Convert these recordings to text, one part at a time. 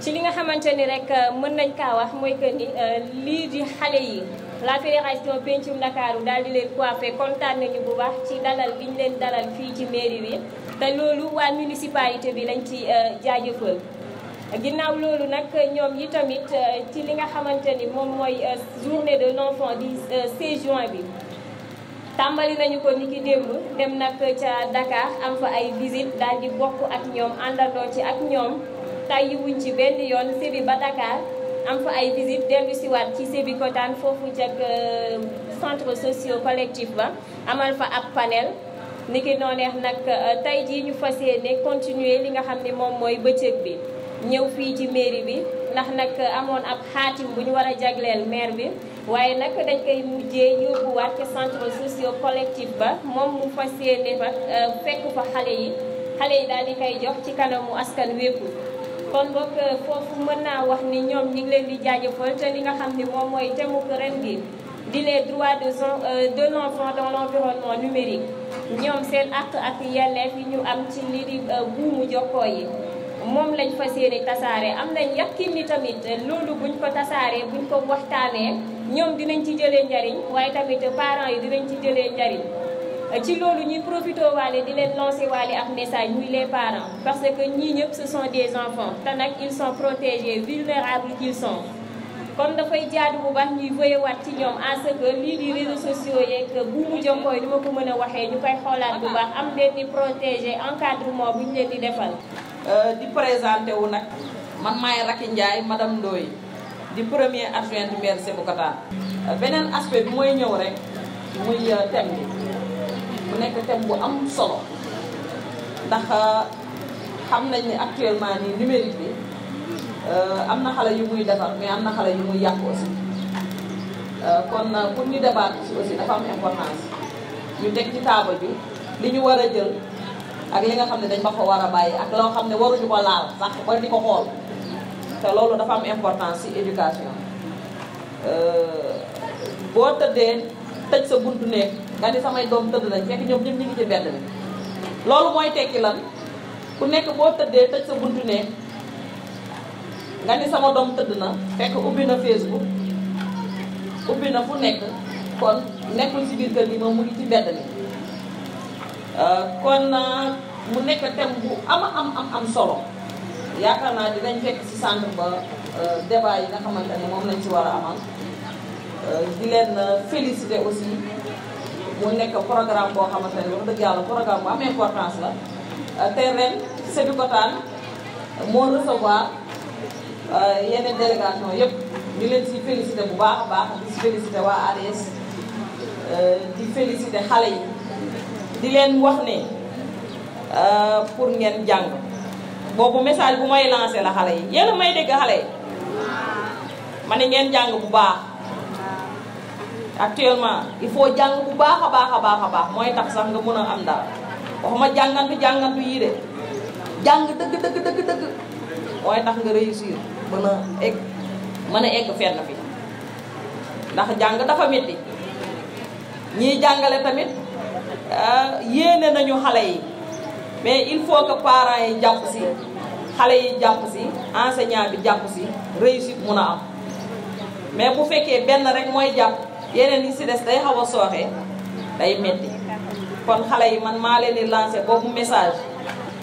ci li nga xamante ni rek euh, mën nañ kaa wax mooy que ni euh, lii di xale yi la fédération pencum Ndakaaru daal di leen coiffé kontaan nañu bu baax ci dalal liñ leen dalal fii ci mairie bi te loolu waa municipalité bi lañ ci euh, jaajëfal. ginnaaw loolu nag ñoom yi tamit ci li nga xamante ni moom mooy journée de l'enfant di 16 juin bi tàmbali nañu ko niki démb dem nag ca ndakaar am fa ay visite daal di bokk ak ñoom àndandoo ci ak ñoom. tàyyiwuñ ci benn yoon sébi ba Dakar am fa ay visite dellu si ci sébi kotaan foofu jag euh, centre socio collectif ba amal fa ab panel ni ki nooneex nag euh, tey jii ñu fas yéene continuer li nga xam ne moom mooy bëccëg bi ñëw fii ci mairie bi ndax nag amoon ab xaatim bu ñu war a jagleel maire bi waaye nag dañ koy mujjee yóbbuwaat ci centre socio collectif ba moom mu fas yéene fa euh, fekk fa xale yi xale yi daal di koy jox ci kanamu askan wépp kon boog euh, fofu mën naa wax ni ñoom ñi ngi leen di jaajëfal te li nga xam ni moom mooy thème ko ren gi di les droits de euh, de l' enfant dans l' environnement numérique ñoom seen àq ak yelleef yi ñu am ci lii di euh, buumu jokkoo yi moom lañ fas yéene tasaare am nañ yàqin ni tamit loolu buñ ko tasaaree buñ ko waxtaanee ñoom dinañ ci jëlee njariñ waaye tamit parents yi dinañ ci jëlee njariñ ci loolu ñuy profité waale di leen lancer walé ak message muy les parents parce que ñi ñëpp ce sont des enfants te nak ils sont protégés vulnérables qu'ils sont comme da fay jaadu bu baax ñuy voye waat ci ñom à ce que li di réseaux sociaux yeeg bu mu jokkooy ni ma ko mëna waxé waxee ñu koy xoolaat bu baax am leen di protéger encadrement bu ñu leen di défal euh di présenter wu nak man may Racky Ndiaye madame ndoy di premier adjoint maire Sébikotane euh, benen aspect bi moy ñëw rek muy euh, thème bi mu nekk thème bu am solo ndax euh, xam nañ ni actuellement nii numérique bi euh, am na xale yu muy defar mais am na xale yu muy yàq aussi euh, kon pour ñu débat ci aussi dafa am importance ñu teg ci taabal bi li ñu war a jël ak li nga xam ne dañ ko fa war a bàyyi ak loo xam ne waruñu ko laal sax war di ko xool te loolu dafa am importance ci éducation boo tëddee tëj sa bunt néeg nga di samay doom tëdd nañ fekk ñoom ñëpp ñu ngi ci mbedd mi loolu mooy tekki lan ku nekk boo tëddee tëj sa bunt ne nga ni sama doom tëdd na fekk ubbi na Facebook ubbi na fu nekk kon nekkul ci biir kër gi moom mu ngi ci mbedd mi euh, kon euh, mu nekk thème bu ama am am am solo yaakaar naa dinañ fekk ci centre ba euh, débat yi nga xamante moom lañ ci war a amal di leen féliciter aussi moo nekk programme boo xamante ne wax dëgg yàlla programme bu am importance la euh, te ren Sébikotane moo recevoir euh, yeneen délégation yëpp di leen si félicité bu baax a baax di si félicité waa ADS euh, di félicité xale yi di leen wax ne pour ngeen jàng boobu message bu may lancé la xale yi yéen may dégg xale yi ma ne ngeen jàng bu baax actuellement il faut jang bu baakha baakha baakha baax moy tax sax nga mëna am daal waxuma jàngantu jàngantu yi de jang deug deug deug deug moy tax nga réussir mëna a egg mën egg fenn fi ndax jang dafa metti ñi jangalé tamit ah, yéné nañu xalé yi mais il faut que parents yi japp ci xalé yi japp ci enseignant bi japp ci réussite mëna am mais bu féké ben rek moy japp yeneen yi si des day xaw a sooxee day metti kon xale yi man maa leen di lancé boobu message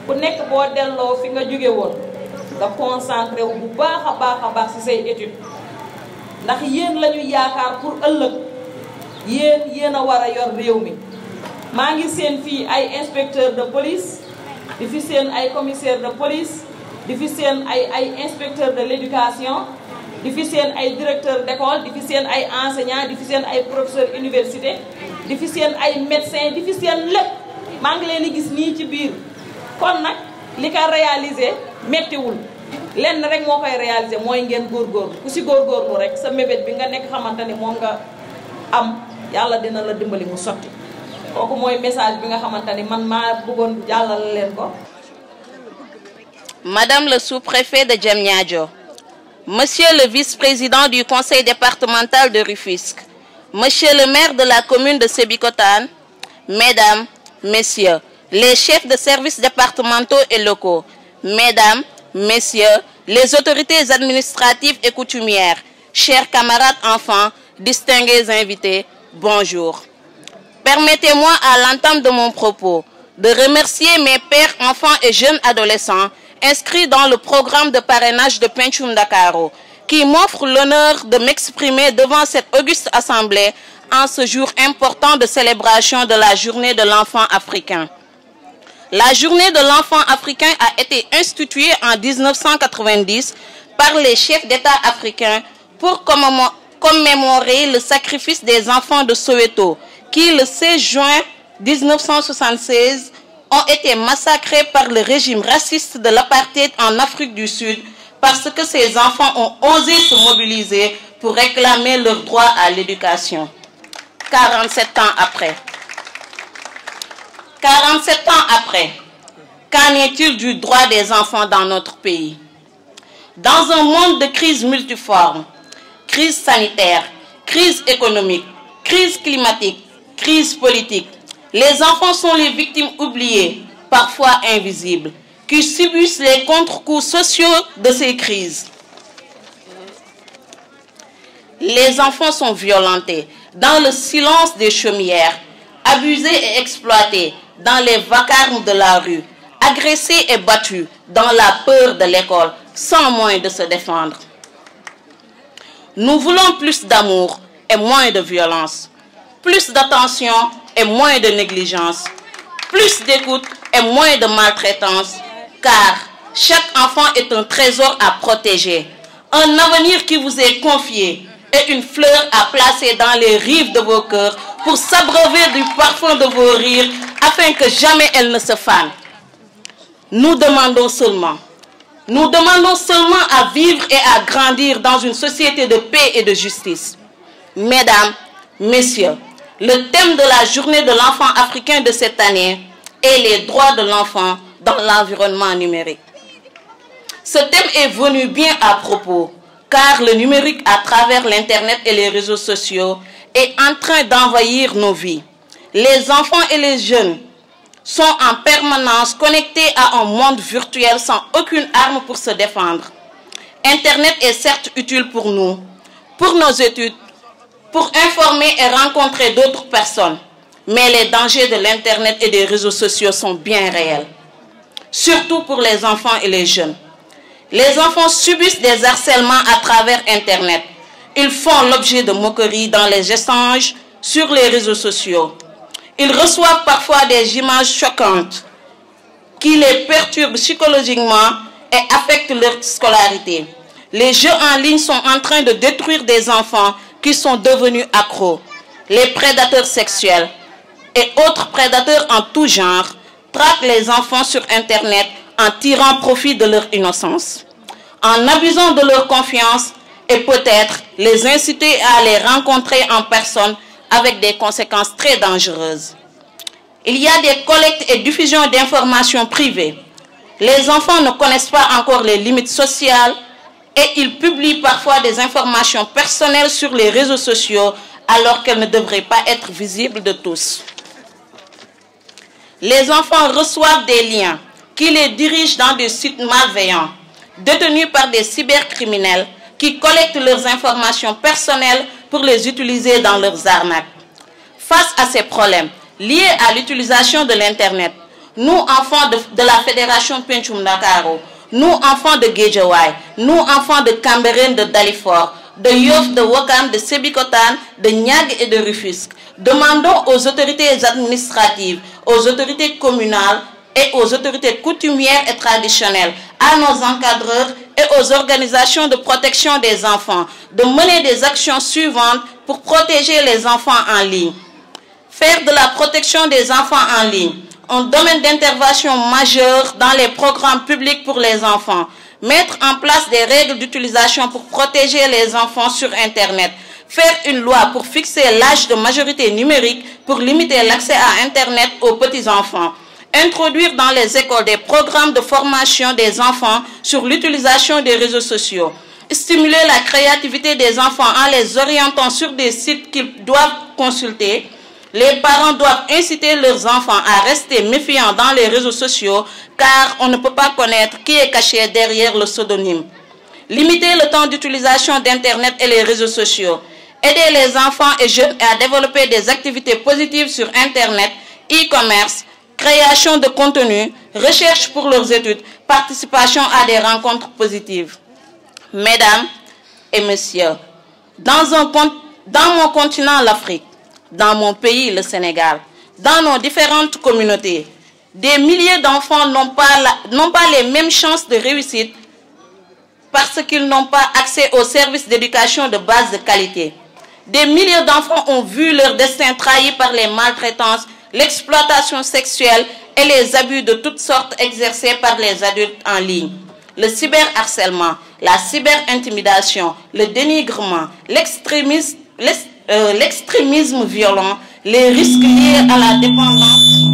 ku nekk boo delloo fi nga jóge woon nga concentré wu bu baax a baax a baax si say étude ndax yéen la ñu yaakaar pour ëllëg yéen yéen a war a yor réew mi maa ngi seen fii ay inspecteur de police di fi seen ay commissaire de police di fi seen ay ay inspecteur de l'éducation di fi ay directeur d'école di fi ay enseignant di fi ay professeur université di fi ay médecin di fi seen lépp maa ngi leen di gis nii ci biir kon nag li ko réaliser méttiwul lenn rek moo koy réaliser mooy ngeen góorgóorlu ku si góorgóorlu rek sa mébét bi nga nekk xamante ni moom nga am yàlla dina la dimbali mu sotti kooku mooy message bi nga xamante ni man maa bëggoon jàllale leen ko Madame le sous-préfet de Diamniadio Monsieur le vice-président du conseil départemental de Rufusque, Monsieur le maire de la commune de Sébicotane, Mesdames, Messieurs, les chefs de services départementaux et locaux, Mesdames, Messieurs, les autorités administratives et coutumières, chers camarades enfants, distingués invités, bonjour. Permettez-moi à l'entente de mon propos de remercier mes pères, enfants et jeunes adolescents inscrit dans le programme de parrainage de Pinchoum Dakaro, qui m'offre l'honneur de m'exprimer devant cette auguste assemblée en ce jour important de célébration de la journée de l'enfant africain. La journée de l'enfant africain a été instituée en 1990 par les chefs d'État africains pour commémorer le sacrifice des enfants de Soweto, qui le 16 juin 1976 ont été massacrés par le régime raciste de l'apartheid en Afrique du Sud parce que ces enfants ont osé se mobiliser pour réclamer leur droit à l'éducation. 47 ans après. 47 ans après, qu'en est-il du droit des enfants dans notre pays Dans un monde de crises multiforme, crise sanitaire, crise économique, crise climatique, crise politique, les enfants sont les victimes oubliées, parfois invisibles, qui subissent les contre-coups sociaux de ces crises. Les enfants sont violentés dans le silence des chaumières, abusés et exploités dans les vacarmes de la rue, agressés et battus dans la peur de l'école, sans moyen de se défendre. Nous voulons plus d'amour et moins de violence, plus d'attention et moins de négligence, plus d'écoute et moins de maltraitance, car chaque enfant est un trésor à protéger, un avenir qui vous est confié et une fleur à placer dans les rives de vos cœurs pour s'abreuver du parfum de vos rires afin que jamais elle ne se fane. Nous demandons seulement, nous demandons seulement à vivre et à grandir dans une société de paix et de justice. Mesdames, Messieurs, le thème de la journée de l'enfant africain de cette année est les droits de l'enfant dans l'environnement numérique. Ce thème est venu bien à propos, car le numérique à travers l'Internet et les réseaux sociaux est en train d'envahir nos vies. Les enfants et les jeunes sont en permanence connectés à un monde virtuel sans aucune arme pour se défendre. Internet est certes utile pour nous, pour nos études, pour informer et rencontrer d'autres personnes. Mais les dangers de l'Internet et des réseaux sociaux sont bien réels, surtout pour les enfants et les jeunes. Les enfants subissent des harcèlements à travers Internet. Ils font l'objet de moqueries dans les échanges sur les réseaux sociaux. Ils reçoivent parfois des images choquantes qui les perturbent psychologiquement et affectent leur scolarité. Les jeux en ligne sont en train de détruire des enfants qui sont devenus accros, les prédateurs sexuels et autres prédateurs en tout genre traquent les enfants sur Internet en tirant profit de leur innocence, en abusant de leur confiance et peut-être les inciter à les rencontrer en personne avec des conséquences très dangereuses. Il y a des collectes et diffusions d'informations privées. Les enfants ne connaissent pas encore les limites sociales, et ils publient parfois des informations personnelles sur les réseaux sociaux alors qu'elles ne devraient pas être visibles de tous. Les enfants reçoivent des liens qui les dirigent dans des sites malveillants, détenus par des cybercriminels qui collectent leurs informations personnelles pour les utiliser dans leurs arnaques. Face à ces problèmes liés à l'utilisation de l'Internet, nous, enfants de, la Fédération Penchum Nakaro, nous, enfants de Guédiawaye, nous, enfants de Camberin, de Dalifort, de Yof de Wakam, de Sebikotan, de Niag et de Rufusque, demandons aux autorités administratives, aux autorités communales et aux autorités coutumières et traditionnelles, à nos encadreurs et aux organisations de protection des enfants de mener des actions suivantes pour protéger les enfants en ligne. Faire de la protection des enfants en ligne un domaine d'intervention majeur dans les programmes publics pour les enfants, mettre en place des règles d'utilisation pour protéger les enfants sur Internet, faire une loi pour fixer l'âge de majorité numérique pour limiter l'accès à Internet aux petits-enfants, introduire dans les écoles des programmes de formation des enfants sur l'utilisation des réseaux sociaux, stimuler la créativité des enfants en les orientant sur des sites qu'ils doivent consulter, les parents doivent inciter leurs enfants à rester méfiants dans les réseaux sociaux car on ne peut pas connaître qui est caché derrière le pseudonyme. Limiter le temps d'utilisation d'Internet et les réseaux sociaux. Aider les enfants et jeunes à développer des activités positives sur Internet, e-commerce, création de contenu, recherche pour leurs études, participation à des rencontres positives. Mesdames et messieurs, dans, dans mon continent, l'Afrique, dans mon pays, le Sénégal, dans nos différentes communautés, des milliers d'enfants n'ont pas, pas les mêmes chances de réussite parce qu'ils n'ont pas accès aux services d'éducation de base de qualité. Des milliers d'enfants ont vu leur destin trahi par les maltraitances, l'exploitation sexuelle et les abus de toutes sortes exercés par les adultes en ligne. Le cyberharcèlement, la cyberintimidation, le dénigrement, l'extrémisme, euh, l'extrémisme violent, les risques liés à la dépendance,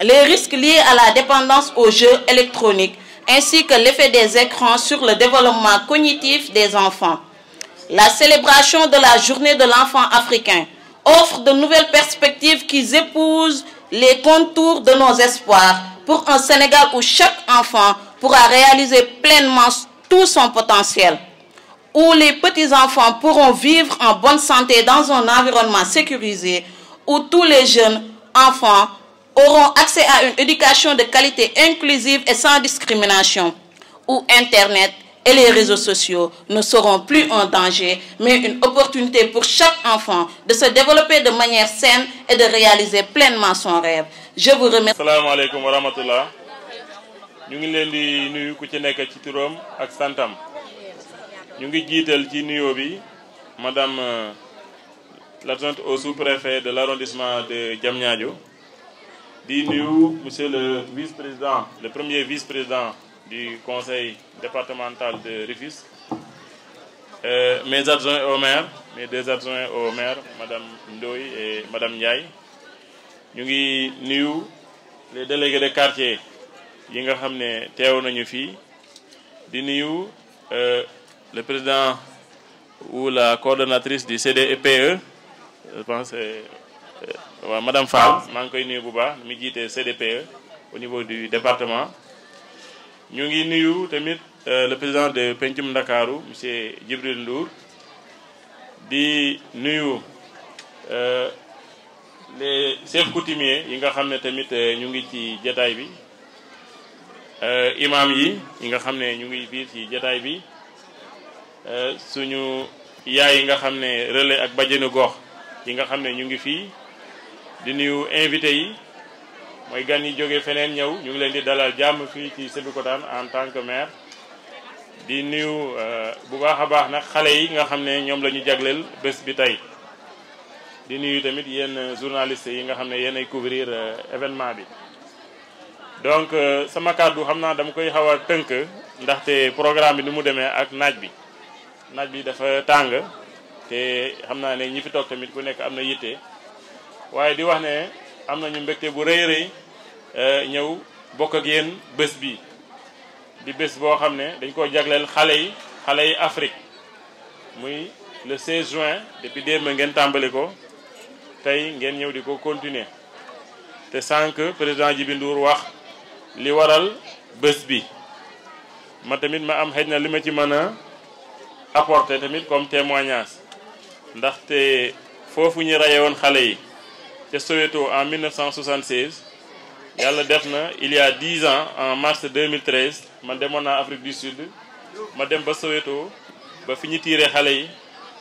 les risques liés à la dépendance aux jeux électroniques, ainsi que l'effet des écrans sur le développement cognitif des enfants. La célébration de la journée de l'enfant africain offre de nouvelles perspectives qui épousent les contours de nos espoirs pour un Sénégal où chaque enfant pourra réaliser pleinement tout son potentiel où les petits-enfants pourront vivre en bonne santé dans un environnement sécurisé, où tous les jeunes enfants auront accès à une éducation de qualité inclusive et sans discrimination, où Internet et les réseaux sociaux ne seront plus un danger, mais une opportunité pour chaque enfant de se développer de manière saine et de réaliser pleinement son rêve. Je vous remercie. Nous ngi madame euh, l'adjointe au sous-préfet de l'arrondissement de Diamniadio di monsieur le vice-président le premier vice-président du conseil départemental de Rufisque euh, mes adjoints au maire mes deux adjoints au maire madame Ndoye et madame Ndiaye Nous avons les délégués de quartier yi nga le président ou la coordonnatrice du CDPE e, je pense euh, euh madame Fall maa ngi koy nuyu bu mi CDPE e au niveau du département ñu ngi nuyu tamit euh, le président de Pentium Ndakaaru monsieur Djibril Ndour di nuyu euh, les chefs coutumiers yi nga xam ne tamit ñu ngi ci jataay bi imam yi nga xam ne ñu ngi fii ci jataay bi Euh, suñu yaay yi nga xam ne relais ak bajenu gox yi nga xam ne ñu ngi fii di nuyu invité yi mooy gan yi jóge feneen ñëw ñu ngi leen di dalal jàmm fii ci Sébikotane en tant que maire di nuyu euh, bu baax a baax nag xale yi nga xam ne ñoom la ñu jagleel bés bi tey di nuyu tamit yéen journalistes yi nga xam ne yéen ay couvrir euh, événement bi donc sama kàddu xam naa dama koy xaw a tënk ndaxte programme bi ni mu demee ak naaj bi naaj bi dafa tàng te xam naa ne ñi fi toog tamit ku nekk am na yitte waaye di wax ne am na ñu mbégte bu rëy rëy e, ñëw bokk ak yéen bés bi di bés boo xam ne dañ ko jagleel xale yi xale yi Afrique muy le 16 juin depuis démb ngeen tàmbali ko tey ngeen ñëw di ko continuer te sànq président Djibi Ndour wax li waral bés bi ma tamit ma am xëj na li ma ci mën a apporté tamit comme témoignage ndaxte foofu ñu reye woon xale yi ca Soweto en 1976 yàlla def na il y a 10 ans en mars 2013 man demoon naa Afrique du Sud ma dem ba Soweto ba fi ñu tiiree xale yi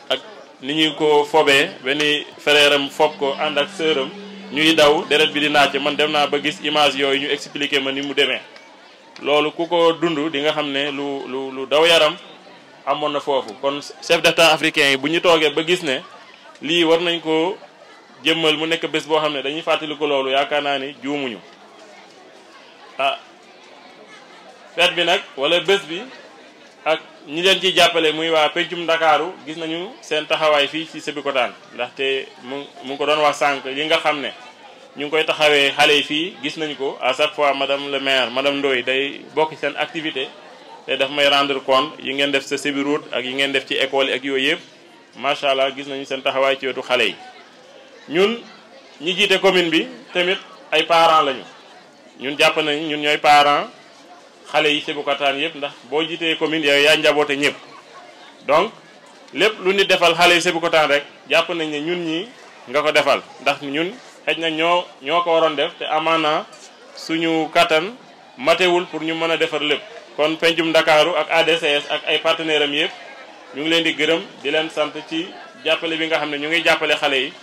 ak ni ñu ko fobee ba frère am fob ko ànd ak sœuram ñuy daw deret bi di naaj man dem naa ba gis image yooyu ñu expliqué ma ni mu demee loolu ku ko dund di nga xam ne lu lu lu daw yaram amoon na foofu kon chef d'état africain yi bu ñu toogee ba gis ne lii war nañ ko jëmmal mu nekk bés boo xam ne dañuy fàttaliku loolu yaakaar naa ni juumuñu ah feet bi nag wala bés bi ak ñi leen ciy jàppale muy waa pencum ndakaaru gis nañu seen taxawaay fii ci daan ndaxte mu mu ngi ko doon wax sànq yi nga xam ne ñu ngi koy taxawee xale yi fii gis nañ ko à chaque fois madame le maire madame Ndoye day bokk seen activité te daf may rendre compte yi ngeen def sa Sibirut ak yi ngeen def ci école yi ak yooyu yëpp macha allah gis nañu seen taxawaay ci wetu xale yi. ñun ñi jiite commune bi tamit ay parents lañu ñun jàpp nañu ñun ñooy parents xale yi Sébikotane yëpp ndax boo jiitee commune yow yaa njaboote ñëpp donc lépp lu nit defal xale yi Sébikotane rek jàpp nañ ne ñun ñi nga ko defal ndax ñun xëj na ñoo ñoo ko waroon def te amaana suñu kattan matewul pour ñu mën a defar lépp. kon pencum ndakaaru ak ADCS ak ay partenaire am yëpp ñu ngi leen di gërëm di leen sant ci jàppale bi nga xam ne ñu ngi jàppale xale yi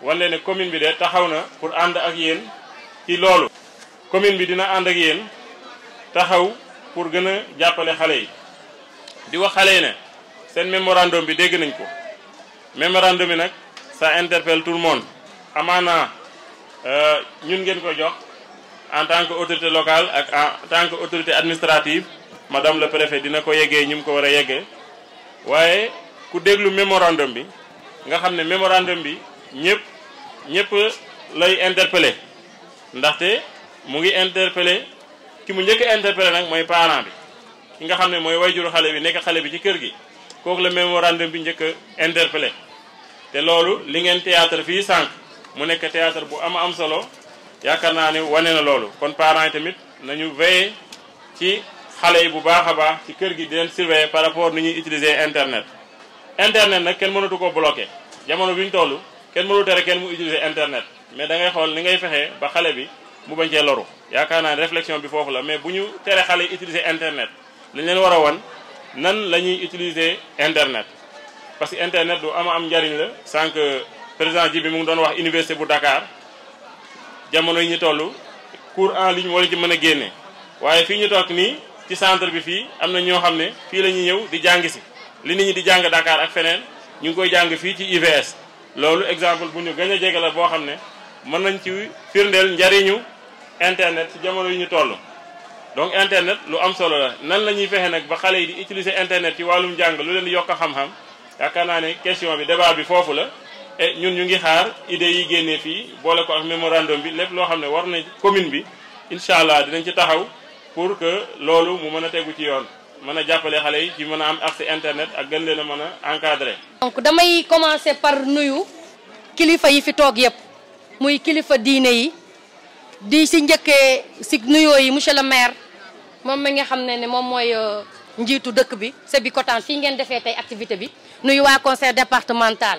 wan leen ne commune bi de taxaw na pour ànd ak yéen ci loolu commune bi dina ànd ak yéen taxaw pour gën a jàppale xale yi di wax xale yi ne seen mémorandum bi dégg nañ ko mémorandum bi nag ça interpelle tout le monde amaana euh, ñun ngeen ko jox en tant que autorité locale ak en tant que autorité administrative madame la préfet dina ko yeggee ñi mu ko war a yeggee waaye ku déglu mémorandum bi nga xam ne mémorandum bi ñëpp ñëpp lay interpellé ndaxte mu ngi interpellé ki mu njëkk a interpellé nag mooy parent bi ki nga xam ne mooy wayjuru xale bi nekk xale bi ci kër gi kooku la mémorandum bi njëkk a interpellé te loolu li ngeen théâtre fii sànq mu nekk théâtre bu am am solo yaakaar naa ne wane na loolu kon parents yi tamit nañu veiller ci xale yi bu baax a baax ci kër gi di leen surveiller par rapport ni ñuy utiliser internet internet nag kenn mënatu ko bloquer jamono bi ñu toll kenn mënatu tere kenn mu utiliser internet mais da ngay xool ni ngay fexee ba xale bi mu bañ cee loru yaakaar naa réflexion bi foofu la mais bu ñu tere xale utiliser internet lañ leen war a wan nan la ñuy utiliser internet parce que internet du ama am njariñ la sànq président ji bi mu ngi doon wax université bu Dakar jamono yi ñu toll cours en ligne moo leen ci mën a génne waaye fii ñu toog nii ci centre bi fii am na ñoo xam ne fii la ñuy ñëw di jàng si li nit ñi di jàng Dakar ak feneen ñu ngi koy jàng fii ci UVS loolu exemple bu ñu gën a jege la boo xam ne mën nañ ci firndeel njariñu internet ci jamono yi ñu toll donc internet lu am solo la nan la ñuy fexe nag ba xale yi di utiliser internet ci wàllum jàng lu leen di yokk xam-xam yaakaar naa ne question bi débat foofu la et eh, ñun ñu ngi xaar idée yi génnee fii boole ko ak mémorandum bi lépp loo xam ne war na commune bi incha allah dinañ ci taxaw pour que loolu mu mën a tegu ci yoon mën a jàppale xale yi ci mën a am accès internet ak gën leen a mën a encadré. donc damay commencé par nuyu kilifa yi fi toog yëpp muy kilifa diine yi di si njëkkee si nuyoo yi monsieur le maire moom mi nga xam ne ne moom mooy euh, njiitu dëkk bi kotaan fii ngeen defee tey activité bi nuyu waa conseil départemental.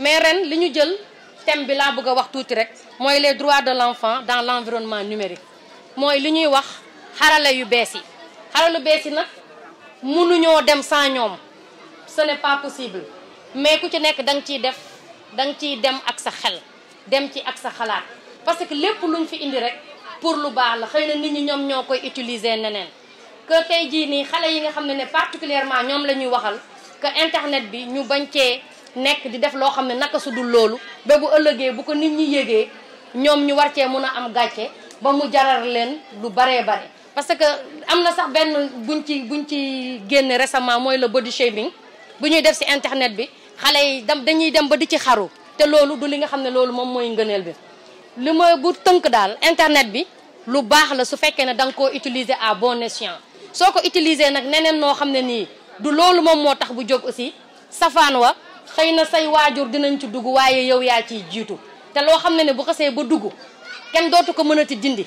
mais ren li ñu jël thème bi laa bëgg a wax tuuti rek mooy les droits de l'enfant dans l'environnement numérique mooy li ñuy wax xarala yu bees yi xaralu bees yi nag mënuñoo dem sans ñoom ce n'est pas possible mais ku ci nekk da nga ciy def da nga ciy dem ak sa xel dem ci ak sa xalaat parce que lépp lu luñ fi indi rek pour lu baax la xëy na nit ñi ñoom ñoo koy utiliser neneen que tey jii nii xale yi nga xam ne ne particulièrement ñoom la ñuy waxal que internet bi ñu bañ cee nekk di def loo xam ne naka su dul loolu ba bu ëllëgee bu ko nit ñi yëgee ñoom ñu war cee mun a am gàcce ba mu jarar leen lu baree bare. parce que am na sax benn buñ ci buñ ci génne récemment mooy le body shaming bu ñuy def si internet bi xale yi dem dañuy dem ba di ci xaru te loolu du li nga xam ne loolu moom mooy ngëneel bi. li mooy bu tënk daal internet bi lu baax la su fekkee ne da nga koo utiliser à bon escient soo ko utiliser nag neneen noo xam ne nii du loolu moom moo tax bu jóg aussi safaan wa. xëy na say waajur dinañ ci dugg waaye yow yaa ciy jiitu te loo xam ne ne bu xasee ba dugg kenn dootu ko mënati dindi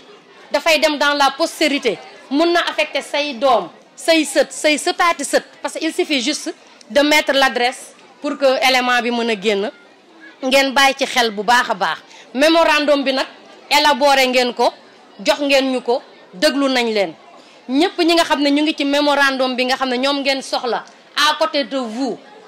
dafay dem dans la postérité mun na affecter say doom say sët say sëtaati sët parce que il suffit juste de mettre l'adresse pour que élément bi mën a génn ngeen bàyyi ci xel bu baax a baax mémorandum bi nag élaboré ngeen ko jox ngeen ñu ko déglu nañ leen ñëpp ñi nga xam ne ñu ngi ci mémorandum bi nga xam ne ñoom ngeen soxla a côté de vous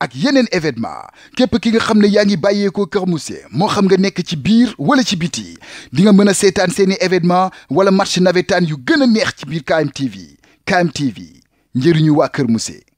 ak yeneen événement képp ki nga xam ne yaa ngi bàyyeekoo Kër Mousse moo xam nga nekk ci biir wala ci biti di nga mën a seetaan seeni événement wala match navétane yu gën a neex ci biir KMTV KMTV njëriñu waa Kër Mousse